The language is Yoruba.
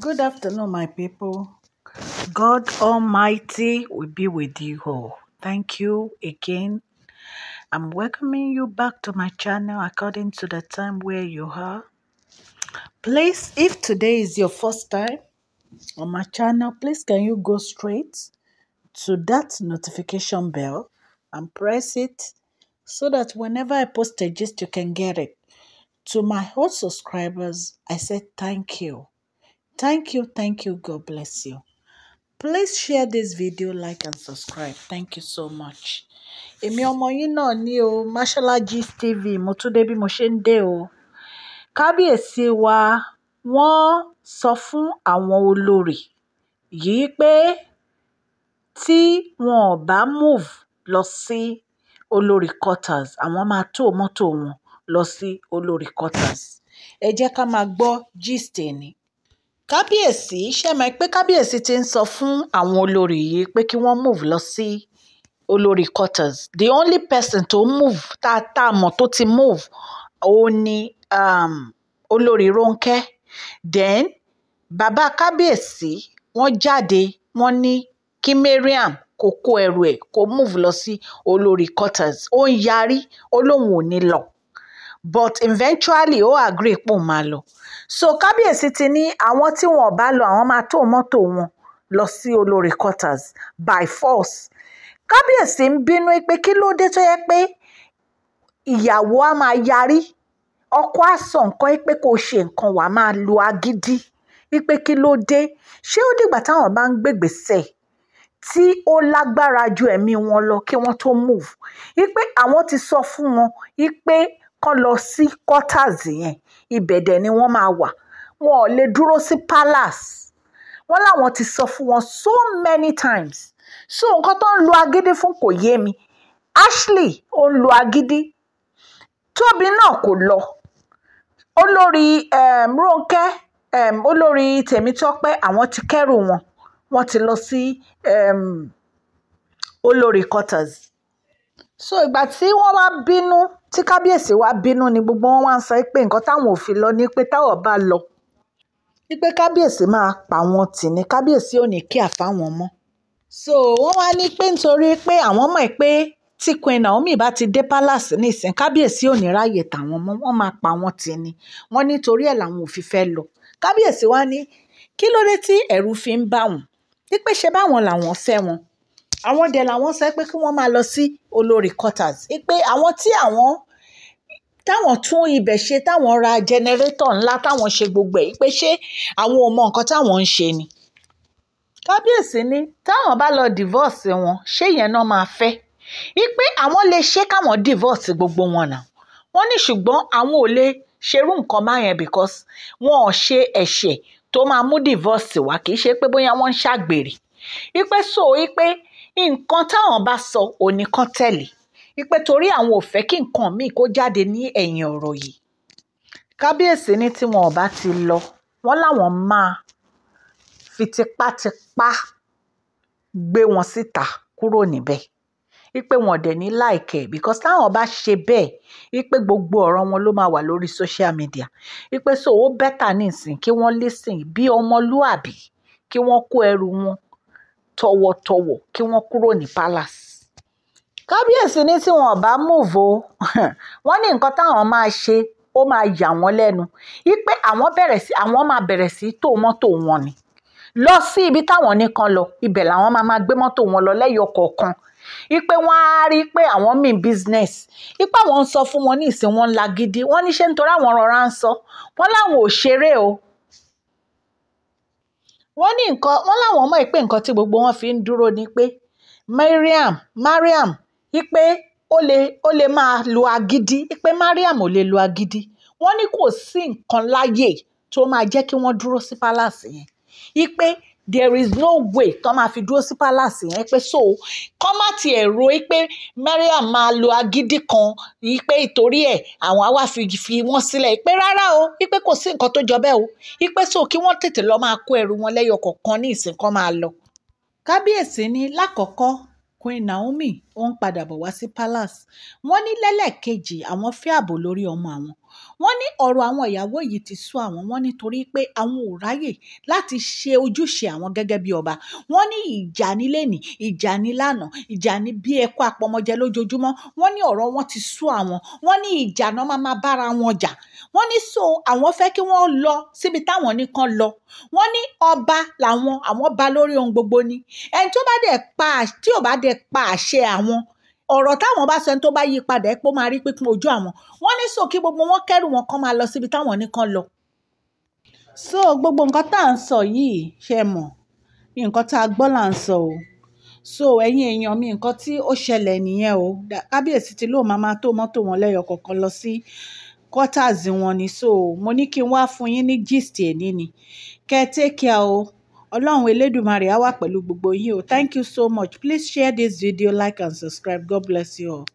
Good afternoon, my people. God Almighty will be with you all. Thank you again. I'm welcoming you back to my channel according to the time where you are. Please, if today is your first time on my channel, please can you go straight to that notification bell and press it so that whenever I post a gist, you can get it. To my whole subscribers, I said thank you. Thank you, thank you. God bless you. Please share this video, like and subscribe. Thank you so much. Èmi ọmọ yín náà ní o, mashallah Gist TV, mo tún dé bí mo ṣe ń o. Kábíyèsí wa, wọ́n sọ fún àwọn olórí yìí pé tí wọn ò bá move lọ sí olórí quarters, àwọn máa tó mọ́tò wọn lọ sí olórí quarters. Ẹ jẹ́ ká máa gbọ́ gist ni kábíyèsí ṣe mọ̀ pé kábíyèsí ti ń sọ fún àwọn olórí yìí pé kí wọ́n move lọ sí olórí quarters the only person to move tá a tá a mọ̀ tó ti move òun ni um, olórí Rónkẹ́ then bàbá kábíyèsí wọ́n jáde wọ́n ní kí Mariam kó kó ẹrù ẹ̀ kó move lọ sí olórí quarters ó ń yarí ó lóun ò ní lọ but eventually ó agree pò máa lọ so kábíyèsí ti ní àwọn tí wọn ò bá lọ àwọn máa tó mọ́tò wọn lọ sí olórí quarters by force kábíyèsí ń bínú pé kí ló dé tó yẹ pé ìyàwó á máa yarí ọkọ á sọ nǹkan pé kò ṣe nǹkan wàá máa lo agídí wípé kí ló dé ṣé ó dìgbà táwọn bá ń gbègbèsè tí ó lágbára ju ẹ̀mí wọn lọ kí wọ́n tó move wípé àwọn ti sọ fún wọn wípé kán lọ sí quarters yẹn ibẹ̀ dẹ̀ ni wọ́n máa wà wọn ò lè dúró sí palace wọ́n láwọn ti sọ fún wọn so many times so nǹkan tó ń lo agídí fún kò yé mi Ashley ó ń lo agídí Tóbi náà kò lọ olórí um, Rónkẹ́ um, olórí Tèmítọ́pẹ́ àwọn ti kẹ́rù wọn wọ́n ti lọ sí um, olórí quarters so ìgbà tí wọ́n wá bínú tí kábíyèsí wàá bínú ni gbogbo wọn wá ń sọ pé nǹkan táwọn ò fi lọ ni pé táwọn bá lọ ni pé kábíyèsí máa pa wọn tì ní kábíyèsí ò ní kí àfáwọn mọ́ so wọ́n wá ní pé nítorí pé àwọn mọ̀ pé tí Queen Naomi bá ti dé palace nísìn kábíyèsí ò ní ráàyè tàwọn mọ́ wọ́n máa pa wọn tì ní wọ́n nítorí ẹ̀ làwọn ò fi fẹ́ lọ kábíyèsí wá ní kí ló dé tí ẹ̀rù fi ń bá wọn wípé ṣe báwọn làwọn fẹ́ wọn àwọn dẹ̀ làwọn sọ pé kí wọ́n máa lọ sí olórí quarters pé àwọn tí àwọn táwọn tún ibẹ̀ ṣe táwọn ra jẹnẹrétọ̀ ńlá táwọn ṣe gbogbo ẹ̀ pé ṣé àwọn ò mọ nǹkan táwọn ń ṣe ni kábíyèsí ni táwọn bá lọ divorce wọn ṣé yẹn náà máa fẹ́ ipe àwọn lè ṣe káwọn divorce gbogbo wọn náà wọ́n ní ṣùgbọ́n àwọn ò lè ṣerú nǹkan máa yẹn because wọn ò ṣe ẹ̀ṣẹ̀ tó máa mú divorce wá kì í ṣe pé bóyá wọ́n ń ṣàgbèrè ipe so ipe nǹkan táwọn bá sọ òní kan tẹ̀lé ipe torí àwọn ò fẹ́ kí nǹkan míì kó jáde ní ẹ̀yìn ọ̀rọ̀ yìí kábíyèsí ní tí wọn ò bá ti lọ wọn láwọn máa fi tipátipá gbé wọn síta kúrò níbẹ̀ ipe wọn dẹ̀ ní láìkẹ́ because táwọn bá ṣe bẹ́ẹ̀ ipe gbogbo ọ̀rọ̀ wọn ló máa wà lórí social media ipe so ó bẹ́tà nísìn kí wọ́n listen bí ọmọlúàbí kí wọ́n kó ẹrù wọn tọ̀wọ̀tọ̀wọ̀ kí wọ́n kúrò ní palace kábíyèsí ní tí wọn bá mòvo wọn ní nǹkan táwọn máa ṣe ó máa yà wọ́n lẹ́nu ipe àwọn bẹ̀rẹ̀ sí àwọn máa bẹ̀rẹ̀ sí tó mọ́tò wọn ni lọ sí ibi táwọn nìkan lọ ibẹ̀ làwọn máa máa gbé mọ́tò wọn lọ lẹ́yọ kọ̀ọ̀kan ipe wọn á rí pé àwọn mean business ipa wọn ń sọ fún wọn ní ìsìn wọn ńlá gidi wọn ní ṣe ń torí àwọn rọra ń sọ wọn láwọn ò ṣeré o wọ́n ní nǹkan wọ́n láwọn mọ̀ pé nǹkan tí gbogbo wọn fi ń dúró ni pé mariam mariam ipe ó lè ó lè máa lo agídí ipe mariam ò lè lo agídí wọ́n ní kò sí nǹkan láyè tó máa jẹ́ kí wọ́n dúró sí palace yẹn ipe there is no way kán máa fi dúró sí palace yẹn pé so kán má tiẹ̀ ro é pé Mariam máa lo agídí kan yìí pé ìtorí ẹ̀ àwọn àwa fi fi wọ́n sílẹ̀ pé rárá o wípé kò sí nǹkan tó jọ bẹ́ẹ̀ o wípé so kí wọ́n tètè lọ máa kó ẹrù wọn lẹ́yọ kọ̀ọ̀kan ní ìsìn kán máa lọ. kábíyèsí ni lákọ̀ọ́kọ́ Queen Naomi ó ń padà bọ̀ wá sí palace wọ́n ní lẹ́lẹ́kejì àwọn fẹ́ ààbò lórí ọmọ àwọn wọ́n ní ọ̀rọ̀ àwọn ìyàwó yìí ti sú àwọn wọ́n nítorí pé àwọn ò ráyè láti ṣe ojúṣe àwọn gẹ́gẹ́ bí ọba wọ́n ní ìjà nílé ní ìjà ní lánàá ìjà ní bí ẹkọ àpọmọjẹ lójoojúmọ́ wọ́n ní ọ̀rọ̀ wọn ti sú àwọn wọ́n ní ìjà náà máa máa bára wọn jà wọ́n ní so àwọn fẹ́ kí wọ́n lọ síbi táwọn nìkan lọ wọ́n ní ọba làwọn àwọn ba lórí ohun gbogbo ni ẹni tó bá dẹ̀ pa tí ò bá dẹ̀ pa àṣẹ àwọn ọ̀rọ̀ táwọn bá sọ ẹni tó bá yí padà ẹ̀ pé ó máa rí pípín ojú àwọn wọ́n ní so kí gbogbo wọn kẹ́rù wọn kán máa lọ síbi táwọn nìkan lọ. so gbogbo nǹkan tá à ń sọ yìí ṣe mọ̀ nǹkan tá a gbọ́ là ń sọ o so ẹ̀yin èèyàn mi nǹkan tí ó ṣẹlẹ̀ nìyẹn o kábíyèsí ti lóò máa máa tó mọ́tò wọn lẹ́yọ kọ̀ọ̀kan lọ sí quarters wọn ni so mo ní kí n wá fún yín ní gist ẹ̀ ní ni kẹ́ ẹ take care o ọlọ́run elédùmarè á wà pẹ̀lú gbogbo yín o thank you so much please share this video like and subscribe god bless you all.